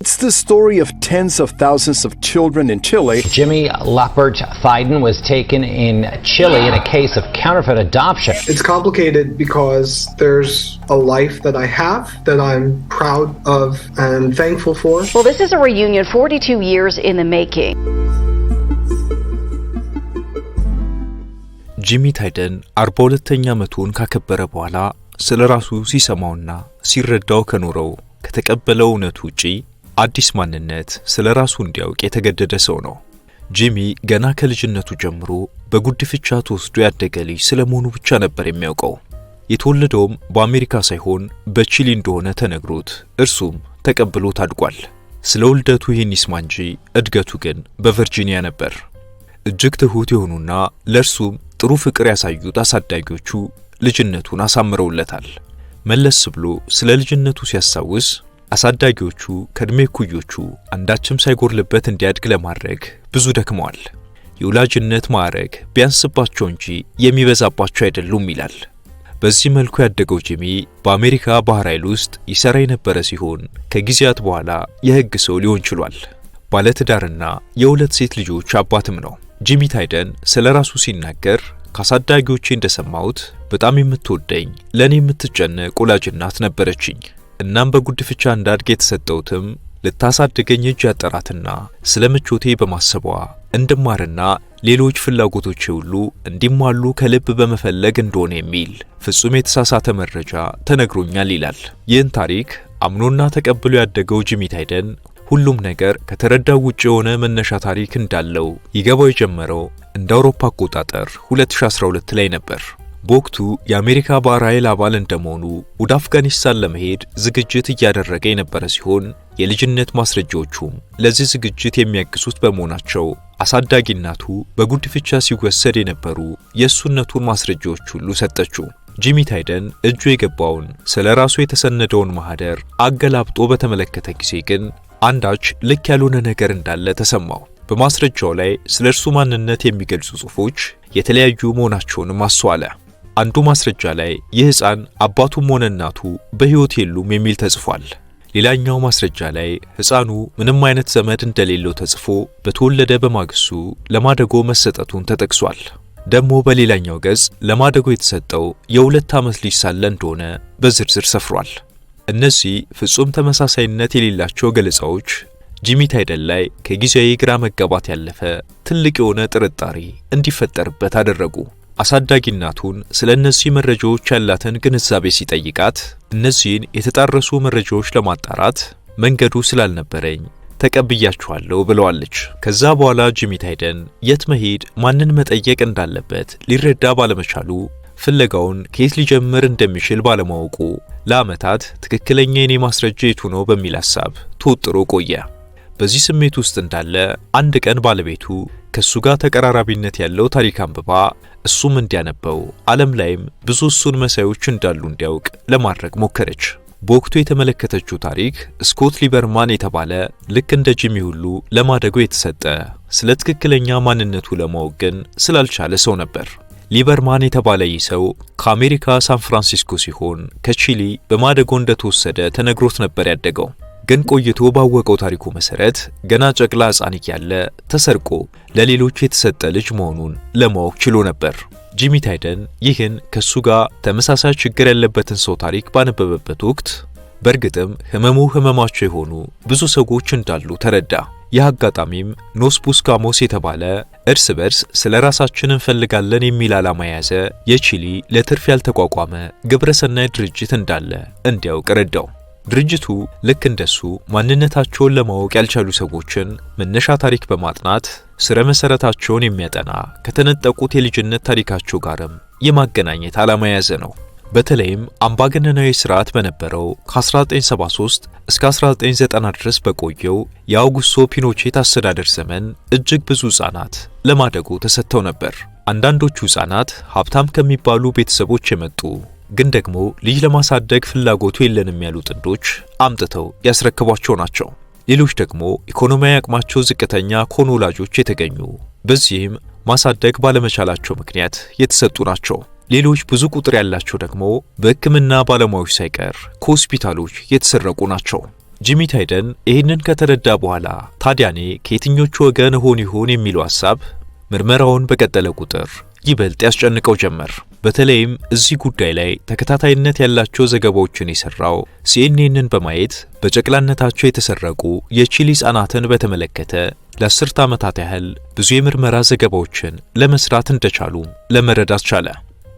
It's the story of tens of thousands of children in Chile. Jimmy Lappert Thyden was taken in Chile in a case of counterfeit adoption. It's complicated because there's a life that I have that I'm proud of and thankful for. Well, this is a reunion 42 years in the making. ጂሚ ታይደን አርባ ሁለተኛ ዓመቱን ካከበረ በኋላ ስለ ራሱ ሲሰማውና ሲረዳው ከኖረው ከተቀበለው እውነት ውጪ አዲስ ማንነት ስለ ራሱ እንዲያውቅ የተገደደ ሰው ነው። ጂሚ ገና ከልጅነቱ ጀምሮ በጉድፍቻ ተወስዶ ያደገ ልጅ ስለመሆኑ ብቻ ነበር የሚያውቀው። የተወለደውም በአሜሪካ ሳይሆን በቺሊ እንደሆነ ተነግሮት እርሱም ተቀብሎ ታድጓል። ስለ ውልደቱ ይህን ይስማ እንጂ እድገቱ ግን በቨርጂኒያ ነበር። እጅግ ትሑት የሆኑና ለእርሱም ጥሩ ፍቅር ያሳዩት አሳዳጊዎቹ ልጅነቱን አሳምረውለታል። መለስ ብሎ ስለ ልጅነቱ ሲያስታውስ አሳዳጊዎቹ ከእድሜ ኩዮቹ አንዳችም ሳይጎርልበት እንዲያድግ ለማድረግ ብዙ ደክመዋል። የወላጅነት ማዕረግ ቢያንስባቸው እንጂ የሚበዛባቸው አይደሉም ይላል። በዚህ መልኩ ያደገው ጂሚ በአሜሪካ ባህር ኃይል ውስጥ ይሰራ የነበረ ሲሆን ከጊዜያት በኋላ የሕግ ሰው ሊሆን ችሏል። ባለትዳርና የሁለት ሴት ልጆች አባትም ነው። ጂሚ ታይደን ስለ ራሱ ሲናገር ከአሳዳጊዎቼ እንደሰማሁት በጣም የምትወደኝ ለእኔ የምትጨነቅ ወላጅ እናት ነበረችኝ። እናም በጉድፍቻ እንዳድግ የተሰጠውትም ልታሳድገኝ እጅ ያጠራትና ስለ ምቾቴ በማሰቧ እንድማርና ሌሎች ፍላጎቶቼ ሁሉ እንዲሟሉ ከልብ በመፈለግ እንደሆነ የሚል ፍጹም የተሳሳተ መረጃ ተነግሮኛል ይላል። ይህን ታሪክ አምኖና ተቀብሎ ያደገው ጂሚ ታይደን ሁሉም ነገር ከተረዳው ውጭ የሆነ መነሻ ታሪክ እንዳለው ይገባው የጀመረው እንደ አውሮፓ አቆጣጠር 2012 ላይ ነበር። በወቅቱ የአሜሪካ ባህር ኃይል አባል እንደመሆኑ ወደ አፍጋኒስታን ለመሄድ ዝግጅት እያደረገ የነበረ ሲሆን የልጅነት ማስረጃዎቹም ለዚህ ዝግጅት የሚያግዙት በመሆናቸው አሳዳጊ እናቱ በጉድፈቻ ሲወሰድ የነበሩ የእሱነቱን ማስረጃዎች ሁሉ ሰጠችው። ጂሚ ታይደን እጁ የገባውን ስለ ራሱ የተሰነደውን ማህደር አገላብጦ በተመለከተ ጊዜ ግን አንዳች ልክ ያልሆነ ነገር እንዳለ ተሰማው። በማስረጃው ላይ ስለ እርሱ ማንነት የሚገልጹ ጽሑፎች የተለያዩ መሆናቸውንም አስተዋለ። አንዱ ማስረጃ ላይ ይህ ሕፃን አባቱም ሆነ እናቱ በሕይወት የሉም የሚል ተጽፏል። ሌላኛው ማስረጃ ላይ ሕፃኑ ምንም አይነት ዘመድ እንደሌለው ተጽፎ በተወለደ በማግስቱ ለማደጎ መሰጠቱን ተጠቅሷል። ደግሞ በሌላኛው ገጽ ለማደጎ የተሰጠው የሁለት ዓመት ልጅ ሳለ እንደሆነ በዝርዝር ሰፍሯል። እነዚህ ፍጹም ተመሳሳይነት የሌላቸው ገለጻዎች ጂሚ ታይደል ላይ ከጊዜያዊ ግራ መጋባት ያለፈ ትልቅ የሆነ ጥርጣሬ እንዲፈጠርበት አደረጉ። አሳዳጊናቱን ስለ እነዚህ መረጃዎች ያላትን ግንዛቤ ሲጠይቃት እነዚህን የተጣረሱ መረጃዎች ለማጣራት መንገዱ ስላልነበረኝ ተቀብያችኋለሁ ብለዋለች። ከዛ በኋላ ጂሚ ታይደን የት መሄድ፣ ማንን መጠየቅ እንዳለበት ሊረዳ ባለመቻሉ ፍለጋውን ከየት ሊጀምር እንደሚችል ባለማወቁ ለአመታት ትክክለኛ የኔ ማስረጃ የቱ ነው በሚል ሐሳብ ተወጥሮ ቆየ። በዚህ ስሜት ውስጥ እንዳለ አንድ ቀን ባለቤቱ ከእሱ ጋር ተቀራራቢነት ያለው ታሪክ አንብባ እሱም እንዲያነበው ዓለም ላይም ብዙ እሱን መሳዮች እንዳሉ እንዲያውቅ ለማድረግ ሞከረች። በወቅቱ የተመለከተችው ታሪክ ስኮት ሊበርማን የተባለ ልክ እንደ ጂሚ ሁሉ ለማደጎ የተሰጠ ስለ ትክክለኛ ማንነቱ ለማወቅ ግን ስላልቻለ ሰው ነበር። ሊበርማን የተባለ ይህ ሰው ከአሜሪካ ሳን ፍራንሲስኮ ሲሆን ከቺሊ በማደጎ እንደተወሰደ ተነግሮት ነበር ያደገው። ግን ቆይቶ ባወቀው ታሪኩ መሰረት ገና ጨቅላ ሕፃን እያለ ተሰርቆ ለሌሎች የተሰጠ ልጅ መሆኑን ለማወቅ ችሎ ነበር። ጂሚ ታይደን ይህን ከሱ ጋር ተመሳሳይ ችግር ያለበትን ሰው ታሪክ ባነበበበት ወቅት በእርግጥም ህመሙ ህመማቸው የሆኑ ብዙ ሰዎች እንዳሉ ተረዳ። ይህ አጋጣሚም ኖስ ቡስካሞስ የተባለ እርስ በርስ ስለ ራሳችን እንፈልጋለን የሚል ዓላማ የያዘ የቺሊ ለትርፍ ያልተቋቋመ ግብረሰናይ ድርጅት እንዳለ እንዲያውቅ ረዳው። ድርጅቱ ልክ እንደሱ ማንነታቸውን ለማወቅ ያልቻሉ ሰዎችን መነሻ ታሪክ በማጥናት ስረ መሰረታቸውን የሚያጠና ከተነጠቁት የልጅነት ታሪካቸው ጋርም የማገናኘት ዓላማ የያዘ ነው። በተለይም አምባገነናዊ ስርዓት በነበረው ከ1973 እስከ 1990 ድረስ በቆየው የአውጉስቶ ፒኖቼት አስተዳደር ዘመን እጅግ ብዙ ሕፃናት ለማደጎ ተሰጥተው ነበር። አንዳንዶቹ ሕፃናት ሀብታም ከሚባሉ ቤተሰቦች የመጡ ግን ደግሞ ልጅ ለማሳደግ ፍላጎቱ የለንም ያሉ ጥንዶች አምጥተው ያስረክቧቸው ናቸው። ሌሎች ደግሞ ኢኮኖሚያዊ አቅማቸው ዝቅተኛ ከሆኑ ወላጆች የተገኙ በዚህም ማሳደግ ባለመቻላቸው ምክንያት የተሰጡ ናቸው። ሌሎች ብዙ ቁጥር ያላቸው ደግሞ በሕክምና ባለሙያዎች ሳይቀር ከሆስፒታሎች የተሰረቁ ናቸው። ጂሚ ታይደን ይህንን ከተረዳ በኋላ ታዲያኔ ከየትኞቹ ወገን ሆን ይሆን የሚለው ሐሳብ ምርመራውን በቀጠለ ቁጥር ይበልጥ ያስጨንቀው ጀመር። በተለይም እዚህ ጉዳይ ላይ ተከታታይነት ያላቸው ዘገባዎችን የሰራው ሲኤንኤንን በማየት በጨቅላነታቸው የተሰረቁ የቺሊ ሕፃናትን በተመለከተ ለአስርተ ዓመታት ያህል ብዙ የምርመራ ዘገባዎችን ለመስራት እንደቻሉ ለመረዳት ቻለ።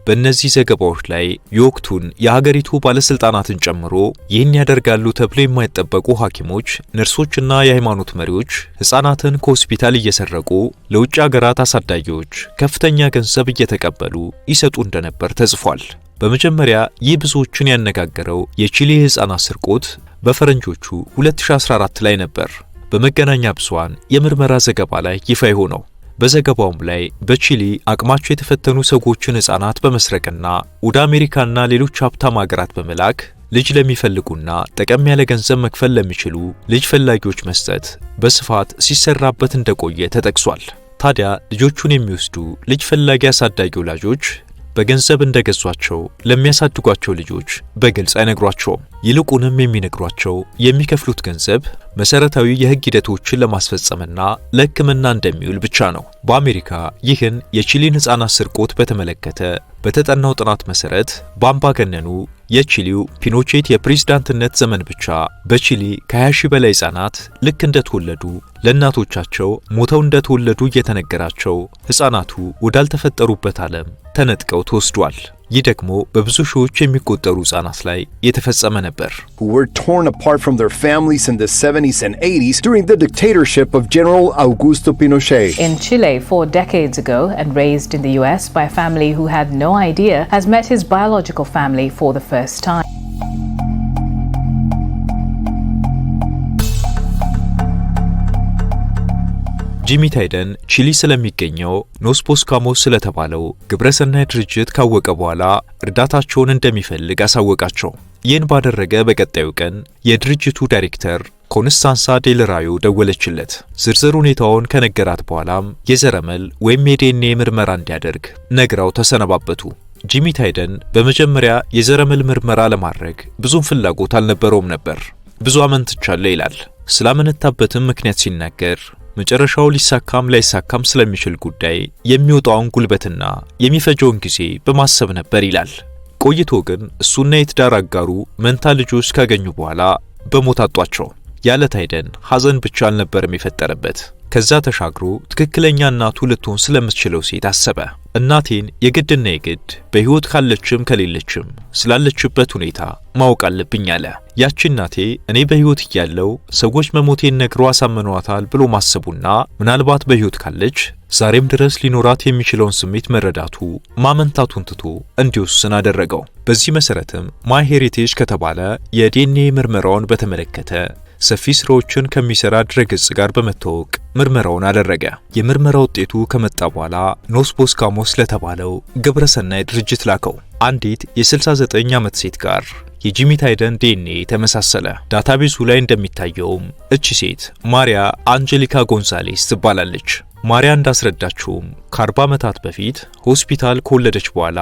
በእነዚህ ዘገባዎች ላይ የወቅቱን የሀገሪቱ ባለስልጣናትን ጨምሮ ይህን ያደርጋሉ ተብሎ የማይጠበቁ ሐኪሞች፣ ነርሶችና የሃይማኖት መሪዎች ሕፃናትን ከሆስፒታል እየሰረቁ ለውጭ አገራት አሳዳጊዎች ከፍተኛ ገንዘብ እየተቀበሉ ይሰጡ እንደነበር ተጽፏል። በመጀመሪያ ይህ ብዙዎችን ያነጋገረው የቺሊ የሕፃናት ስርቆት በፈረንጆቹ 2014 ላይ ነበር በመገናኛ ብዙሃን የምርመራ ዘገባ ላይ ይፋ የሆነው። በዘገባውም ላይ በቺሊ አቅማቸው የተፈተኑ ሰዎችን ሕፃናት በመስረቅና ወደ አሜሪካና ሌሎች ሀብታም ሀገራት በመላክ ልጅ ለሚፈልጉና ጠቀም ያለ ገንዘብ መክፈል ለሚችሉ ልጅ ፈላጊዎች መስጠት በስፋት ሲሰራበት እንደቆየ ተጠቅሷል። ታዲያ ልጆቹን የሚወስዱ ልጅ ፈላጊ አሳዳጊ ወላጆች በገንዘብ እንደገዟቸው ለሚያሳድጓቸው ልጆች በግልጽ አይነግሯቸውም። ይልቁንም የሚነግሯቸው የሚከፍሉት ገንዘብ መሰረታዊ የህግ ሂደቶችን ለማስፈጸምና ለህክምና እንደሚውል ብቻ ነው። በአሜሪካ ይህን የቺሊን ህፃናት ስርቆት በተመለከተ በተጠናው ጥናት መሰረት በአምባገነኑ የቺሊው ፒኖቼት የፕሬዝዳንትነት ዘመን ብቻ በቺሊ ከ20 ሺህ በላይ ህጻናት ልክ እንደተወለዱ ለእናቶቻቸው ሞተው እንደተወለዱ እየተነገራቸው ህጻናቱ ወዳልተፈጠሩበት ዓለም ተነጥቀው ተወስዷል። ይህ ደግሞ በብዙ ሺዎች የሚቆጠሩ ህጻናት ላይ የተፈጸመ ነበር። ፒኖሼት ጂሚ ታይደን ቺሊ ስለሚገኘው ኖስፖስካሞ ስለተባለው ግብረሰናይ ድርጅት ካወቀ በኋላ እርዳታቸውን እንደሚፈልግ አሳወቃቸው። ይህን ባደረገ በቀጣዩ ቀን የድርጅቱ ዳይሬክተር ኮንስታንሳ ዴልራዮ ደወለችለት። ዝርዝር ሁኔታውን ከነገራት በኋላም የዘረመል ወይም የዲኤንኤ ምርመራ እንዲያደርግ ነግራው ተሰነባበቱ። ጂሚ ታይደን በመጀመሪያ የዘረመል ምርመራ ለማድረግ ብዙም ፍላጎት አልነበረውም ነበር። ብዙ አመንትቻለሁ ይላል። ስላመነታበትም ምክንያት ሲናገር መጨረሻው ሊሳካም ላይሳካም ስለሚችል ጉዳይ የሚወጣውን ጉልበትና የሚፈጀውን ጊዜ በማሰብ ነበር ይላል። ቆይቶ ግን እሱና የትዳር አጋሩ መንታ ልጆች ካገኙ በኋላ በሞት አጧቸው። ታይደን ሐዘን ብቻ አልነበረም የፈጠረበት። ከዛ ተሻግሮ ትክክለኛ እናቱ ልትሆን ስለምትችለው ሴት አሰበ። እናቴን የግድና የግድ በሕይወት ካለችም ከሌለችም ስላለችበት ሁኔታ ማወቅ አለብኝ አለ። ያቺ እናቴ እኔ በሕይወት እያለው ሰዎች መሞቴን ነግሮ አሳምኗታል ብሎ ማሰቡና ምናልባት በሕይወት ካለች ዛሬም ድረስ ሊኖራት የሚችለውን ስሜት መረዳቱ ማመንታቱን ትቶ እንዲወስን አደረገው። በዚህ መሰረትም ማይ ሄሪቴጅ ከተባለ የዲኤንኤ ምርመራውን በተመለከተ ሰፊ ስራዎችን ከሚሰራ ድረገጽ ጋር በመተዋወቅ ምርመራውን አደረገ። የምርመራ ውጤቱ ከመጣ በኋላ ኖስቦስ ካሞስ ለተባለው ግብረሰናይ ድርጅት ላከው። አንዲት የ69 ዓመት ሴት ጋር የጂሚ ታይደን ዲኤንኤ ተመሳሰለ። ዳታቤዙ ላይ እንደሚታየውም እቺ ሴት ማሪያ አንጀሊካ ጎንዛሌስ ትባላለች። ማሪያ እንዳስረዳችውም ከ40 ዓመታት በፊት ሆስፒታል ከወለደች በኋላ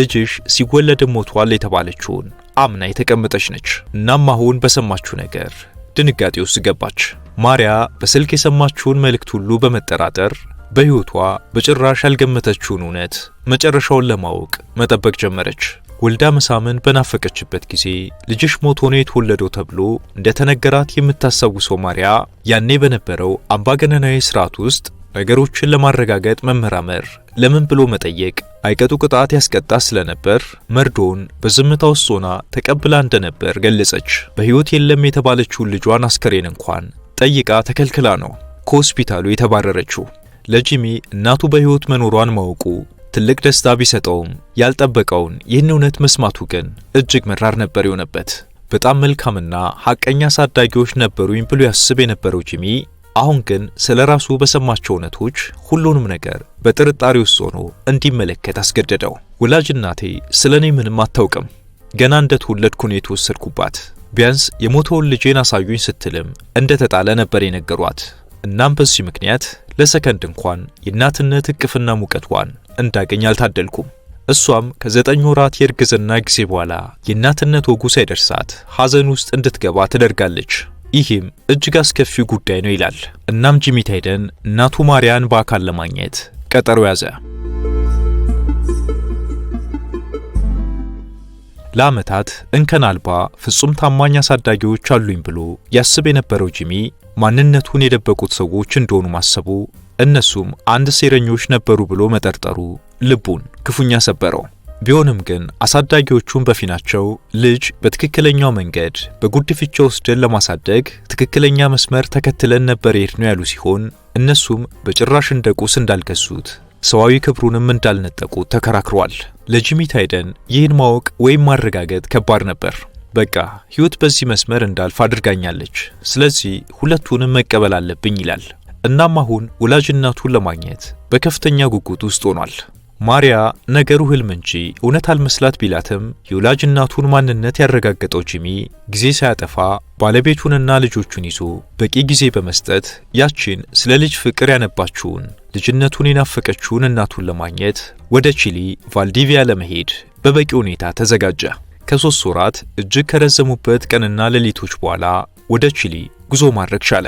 ልጅሽ ሲወለድ ሞቷል የተባለችውን አምና የተቀመጠች ነች። እናም አሁን በሰማችው ነገር ድንጋጤ ውስጥ ገባች። ማሪያ በስልክ የሰማችውን መልእክት ሁሉ በመጠራጠር በሕይወቷ በጭራሽ ያልገመተችውን እውነት መጨረሻውን ለማወቅ መጠበቅ ጀመረች። ወልዳ መሳምን በናፈቀችበት ጊዜ ልጅሽ ሞቶ ነው የተወለደው ተብሎ እንደተነገራት የምታስታውሰው ማሪያ ያኔ በነበረው አምባገነናዊ ስርዓት ውስጥ ነገሮችን ለማረጋገጥ መመራመር፣ ለምን ብሎ መጠየቅ አይቀጡ ቅጣት ያስቀጣ ስለነበር መርዶውን በዝምታ ውስጥ ሆና ተቀብላ እንደነበር ገለጸች። በሕይወት የለም የተባለችውን ልጇን አስከሬን እንኳን ጠይቃ ተከልክላ ነው ከሆስፒታሉ የተባረረችው። ለጂሚ እናቱ በሕይወት መኖሯን ማወቁ ትልቅ ደስታ ቢሰጠውም ያልጠበቀውን ይህን እውነት መስማቱ ግን እጅግ መራር ነበር የሆነበት። በጣም መልካምና ሐቀኛ አሳዳጊዎች ነበሩኝ ብሎ ያስብ የነበረው ጂሚ አሁን ግን ስለ ራሱ በሰማቸው እውነቶች ሁሉንም ነገር በጥርጣሬ ውስጥ ሆኖ እንዲመለከት አስገደደው። ወላጅ እናቴ ስለ እኔ ምንም አታውቅም። ገና እንደተወለድኩ ነው የተወሰድኩባት። ቢያንስ የሞተውን ልጄን አሳዩኝ ስትልም እንደተጣለ ነበር የነገሯት። እናም በዚህ ምክንያት ለሰከንድ እንኳን የእናትነት እቅፍና ሙቀቷን እንዳገኝ አልታደልኩም። እሷም ከዘጠኝ ወራት የእርግዝና ጊዜ በኋላ የእናትነት ወጉ ሳይደርሳት ሐዘን ውስጥ እንድትገባ ትደርጋለች። ይህም እጅግ አስከፊ ጉዳይ ነው ይላል። እናም ጂሚ ታይደን እናቱ ማሪያን በአካል ለማግኘት ቀጠሮ ያዘ። ለዓመታት እንከን አልባ ፍጹም ታማኝ አሳዳጊዎች አሉኝ ብሎ ያስብ የነበረው ጂሚ ማንነቱን የደበቁት ሰዎች እንደሆኑ ማሰቡ፣ እነሱም አንድ ሴረኞች ነበሩ ብሎ መጠርጠሩ ልቡን ክፉኛ ሰበረው። ቢሆንም ግን አሳዳጊዎቹን በፊናቸው ልጅ በትክክለኛው መንገድ በጉድፍቻ ወስደን ለማሳደግ ትክክለኛ መስመር ተከትለን ነበር የሄድነው ያሉ ሲሆን እነሱም በጭራሽ እንደ ቁስ እንዳልከሱት ሰዋዊ ክብሩንም እንዳልነጠቁ ተከራክሯል። ለጂሚ ታይደን ይህን ማወቅ ወይም ማረጋገጥ ከባድ ነበር። በቃ ህይወት በዚህ መስመር እንዳልፍ አድርጋኛለች፣ ስለዚህ ሁለቱንም መቀበል አለብኝ ይላል። እናም አሁን ወላጅናቱን ለማግኘት በከፍተኛ ጉጉት ውስጥ ሆኗል። ማሪያ ነገሩ ህልም እንጂ እውነት አልመስላት ቢላትም የወላጅ እናቱን ማንነት ያረጋገጠው ጂሚ ጊዜ ሳያጠፋ ባለቤቱንና ልጆቹን ይዞ በቂ ጊዜ በመስጠት ያችን ስለ ልጅ ፍቅር ያነባችውን ልጅነቱን የናፈቀችውን እናቱን ለማግኘት ወደ ቺሊ ቫልዲቪያ ለመሄድ በበቂ ሁኔታ ተዘጋጀ። ከሶስት ወራት እጅግ ከረዘሙበት ቀንና ሌሊቶች በኋላ ወደ ቺሊ ጉዞ ማድረግ ቻለ።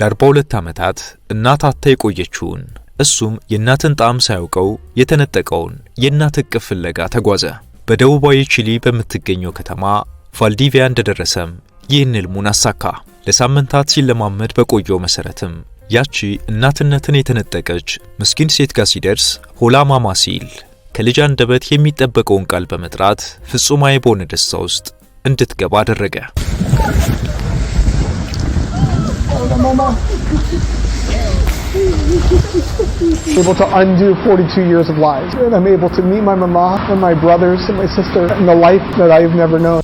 ለ42 ዓመታት እናት አታ የቆየችውን እሱም የእናትን ጣዕም ሳያውቀው የተነጠቀውን የእናት እቅፍ ፍለጋ ተጓዘ። በደቡባዊ ቺሊ በምትገኘው ከተማ ቫልዲቪያ እንደደረሰም ይህን ሕልሙን አሳካ። ለሳምንታት ሲለማመድ በቆየው መሠረትም ያቺ እናትነትን የተነጠቀች ምስኪን ሴት ጋር ሲደርስ ሆላ ማማ ሲል ከልጅ አንደበት የሚጠበቀውን ቃል በመጥራት ፍጹማዊ በሆነ ደስታ ውስጥ እንድትገባ አደረገ። able to undo 42 years of lies. And I'm able to meet my mama and my brothers and my sister in the life that I've never known.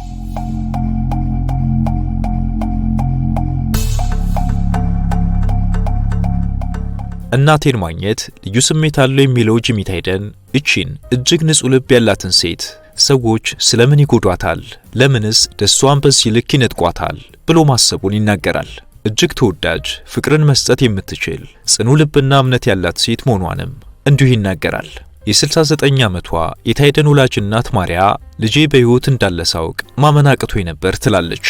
እናቴን ማግኘት ልዩ ስሜት አለው የሚለው ጂሚ ታይደን እቺን እጅግ ንጹህ ልብ ያላትን ሴት ሰዎች ስለምን ይጎዷታል፣ ለምንስ ደስዋን በዚህ ልክ ይነጥቋታል ብሎ ማሰቡን ይናገራል። እጅግ ተወዳጅ፣ ፍቅርን መስጠት የምትችል ጽኑ ልብና እምነት ያላት ሴት መሆኗንም እንዲሁ ይናገራል። የ69 ዓመቷ የታይደን ወላጅ እናት ማርያ ልጄ በሕይወት እንዳለ ሳውቅ ማመን አቅቶኝ ነበር ትላለች።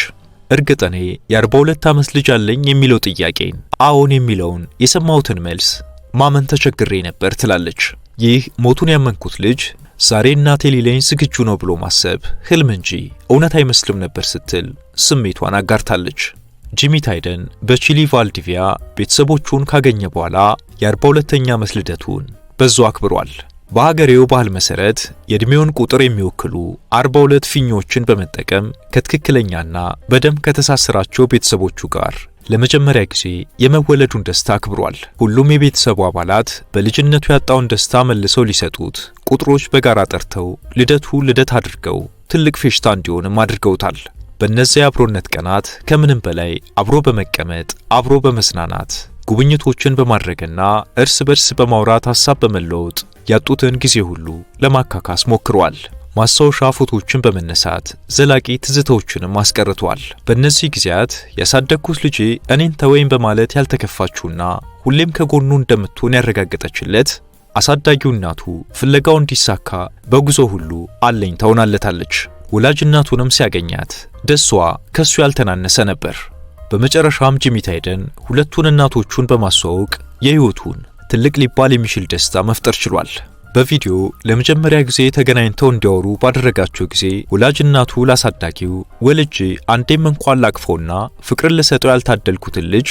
እርግጥ እኔ የ42 ዓመት ልጅ አለኝ የሚለው ጥያቄን አዎን የሚለውን የሰማሁትን መልስ ማመን ተቸግሬ ነበር ትላለች። ይህ ሞቱን ያመንኩት ልጅ ዛሬ እናቴ ሊለኝ ዝግጁ ነው ብሎ ማሰብ ህልም እንጂ እውነት አይመስልም ነበር ስትል ስሜቷን አጋርታለች። ጂሚ ታይደን በቺሊ ቫልዲቪያ ቤተሰቦቹን ካገኘ በኋላ የ42ኛ ዓመት ልደቱን በዙ አክብሯል። በሀገሬው ባህል መሰረት የዕድሜውን ቁጥር የሚወክሉ 42 ፊኞችን በመጠቀም ከትክክለኛና በደም ከተሳሰራቸው ቤተሰቦቹ ጋር ለመጀመሪያ ጊዜ የመወለዱን ደስታ አክብሯል። ሁሉም የቤተሰቡ አባላት በልጅነቱ ያጣውን ደስታ መልሰው ሊሰጡት ቁጥሮች በጋራ ጠርተው ልደቱ ልደት አድርገው ትልቅ ፌሽታ እንዲሆንም አድርገውታል። በእነዚህ የአብሮነት ቀናት ከምንም በላይ አብሮ በመቀመጥ አብሮ በመዝናናት ጉብኝቶችን በማድረግና እርስ በርስ በማውራት ሀሳብ በመለወጥ ያጡትን ጊዜ ሁሉ ለማካካስ ሞክሯል። ማስታወሻ ፎቶዎችን በመነሳት ዘላቂ ትዝታዎችንም አስቀርቷል። በእነዚህ ጊዜያት ያሳደግኩት ልጄ እኔን ተወይም በማለት ያልተከፋችውና ሁሌም ከጎኑ እንደምትሆን ያረጋገጠችለት አሳዳጊው እናቱ ፍለጋው እንዲሳካ በጉዞ ሁሉ አለኝ ተውናለታለች። ወላጅ እናቱንም ሲያገኛት ደሷ ከሱ ያልተናነሰ ነበር። በመጨረሻም ጂሚ ታይደን ሁለቱን እናቶቹን በማስተዋወቅ የህይወቱን ትልቅ ሊባል የሚችል ደስታ መፍጠር ችሏል። በቪዲዮ ለመጀመሪያ ጊዜ ተገናኝተው እንዲያወሩ ባደረጋቸው ጊዜ ወላጅ እናቱ ላሳዳጊው ወልጄ አንዴም እንኳን ላቅፈውና ፍቅርን ልሰጠው ያልታደልኩትን ልጅ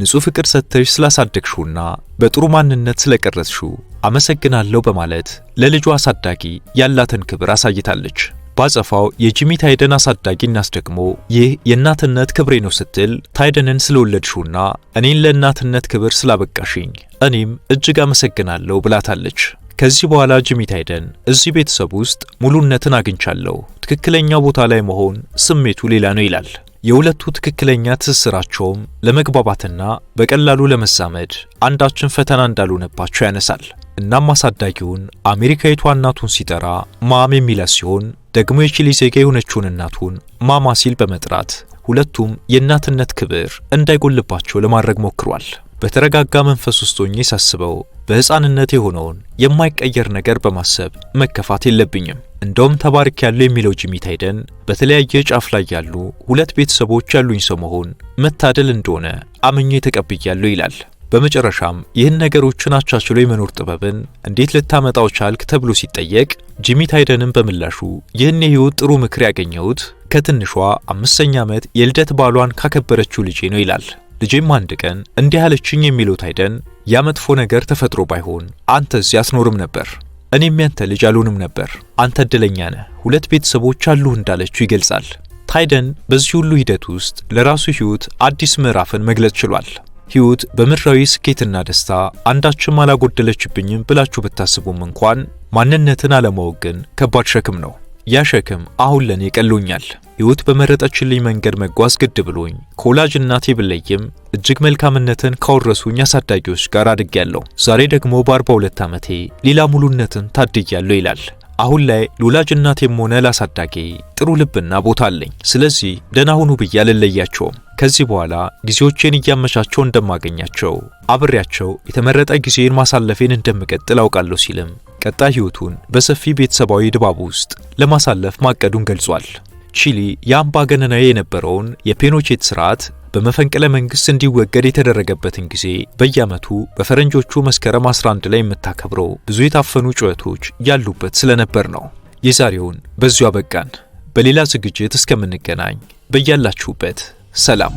ንጹህ ፍቅር ሰጥተሽ ስላሳደግሽውና በጥሩ ማንነት ስለቀረጽሽው አመሰግናለሁ በማለት ለልጇ አሳዳጊ ያላትን ክብር አሳይታለች። ባጸፋው የጂሚ ታይደን አሳዳጊናስ ደግሞ ይህ የእናትነት ክብሬ ነው ስትል ታይደንን ስለወለድሽውና እኔን ለእናትነት ክብር ስላበቃሽኝ እኔም እጅግ አመሰግናለሁ ብላታለች። ከዚህ በኋላ ጂሚ ታይደን እዚህ ቤተሰብ ውስጥ ሙሉነትን አግኝቻለሁ፣ ትክክለኛው ቦታ ላይ መሆን ስሜቱ ሌላ ነው ይላል። የሁለቱ ትክክለኛ ትስስራቸውም ለመግባባትና በቀላሉ ለመዛመድ አንዳችን ፈተና እንዳልሆነባቸው ያነሳል። እናም አሳዳጊውን አሜሪካዊቷ እናቱን ሲጠራ ማም የሚለ ሲሆን ደግሞ የቺሊ ዜጋ የሆነችውን እናቱን ማማ ሲል በመጥራት ሁለቱም የእናትነት ክብር እንዳይጎልባቸው ለማድረግ ሞክሯል። በተረጋጋ መንፈስ ውስጥ ሆኜ ሳስበው በሕፃንነት የሆነውን የማይቀየር ነገር በማሰብ መከፋት የለብኝም። እንደውም ተባርክ ያለው የሚለው ጂሚ ታይደን በተለያየ ጫፍ ላይ ያሉ ሁለት ቤተሰቦች ያሉኝ ሰው መሆን መታደል እንደሆነ አምኜ ተቀብያለሁ ይላል። በመጨረሻም ይህን ነገሮችን አቻችሎ የመኖር ጥበብን እንዴት ልታመጣው ቻልክ ተብሎ ሲጠየቅ ጂሚ ታይደንን በምላሹ ይህን የህይወት ጥሩ ምክር ያገኘሁት ከትንሿ አምስተኛ ዓመት የልደት ባሏን ካከበረችው ልጄ ነው ይላል። ልጄም አንድ ቀን እንዲህ አለችኝ የሚለው ታይደን ያ መጥፎ ነገር ተፈጥሮ ባይሆን አንተስ ያስኖርም ነበር፣ እኔም ያንተ ልጅ አልሆንም ነበር፣ አንተ እድለኛ ነህ፣ ሁለት ቤተሰቦች አሉህ እንዳለችው ይገልጻል። ታይደን በዚህ ሁሉ ሂደት ውስጥ ለራሱ ህይወት አዲስ ምዕራፍን መግለጽ ችሏል። ሕይወት በምድራዊ ስኬትና ደስታ አንዳችም አላጎደለችብኝም ብላችሁ ብታስቡም እንኳን ማንነትን አለማወቅ ግን ከባድ ሸክም ነው። ያ ሸክም አሁን ለኔ ቀሎኛል። ሕይወት በመረጠችልኝ መንገድ መጓዝ ግድ ብሎኝ ከወላጅ እናቴ ብለይም እጅግ መልካምነትን ካወረሱኝ አሳዳጊዎች ጋር አድጌያለሁ። ዛሬ ደግሞ በ42 ዓመቴ ሌላ ሙሉነትን ታድያለሁ ይላል አሁን ላይ ለወላጅ እናቴም ሆነ ጥሩ ልብና ቦታ አለኝ። ስለዚህ ደህና ሁኑ ብዬ አልለያቸውም። ከዚህ በኋላ ጊዜዎቼን እያመቻቸው እንደማገኛቸው አብሬያቸው የተመረጠ ጊዜን ማሳለፌን እንደምቀጥል አውቃለሁ ሲልም ቀጣይ ሕይወቱን በሰፊ ቤተሰባዊ ድባብ ውስጥ ለማሳለፍ ማቀዱን ገልጿል። ቺሊ የአምባገነናዊ የነበረውን የፔኖቼት ስርዓት በመፈንቅለ መንግስት እንዲወገድ የተደረገበትን ጊዜ በየአመቱ በፈረንጆቹ መስከረም 11 ላይ የምታከብረው ብዙ የታፈኑ ጩኸቶች ያሉበት ስለነበር ነው። የዛሬውን በዚሁ አበቃን። በሌላ ዝግጅት እስከምንገናኝ በያላችሁበት ሰላም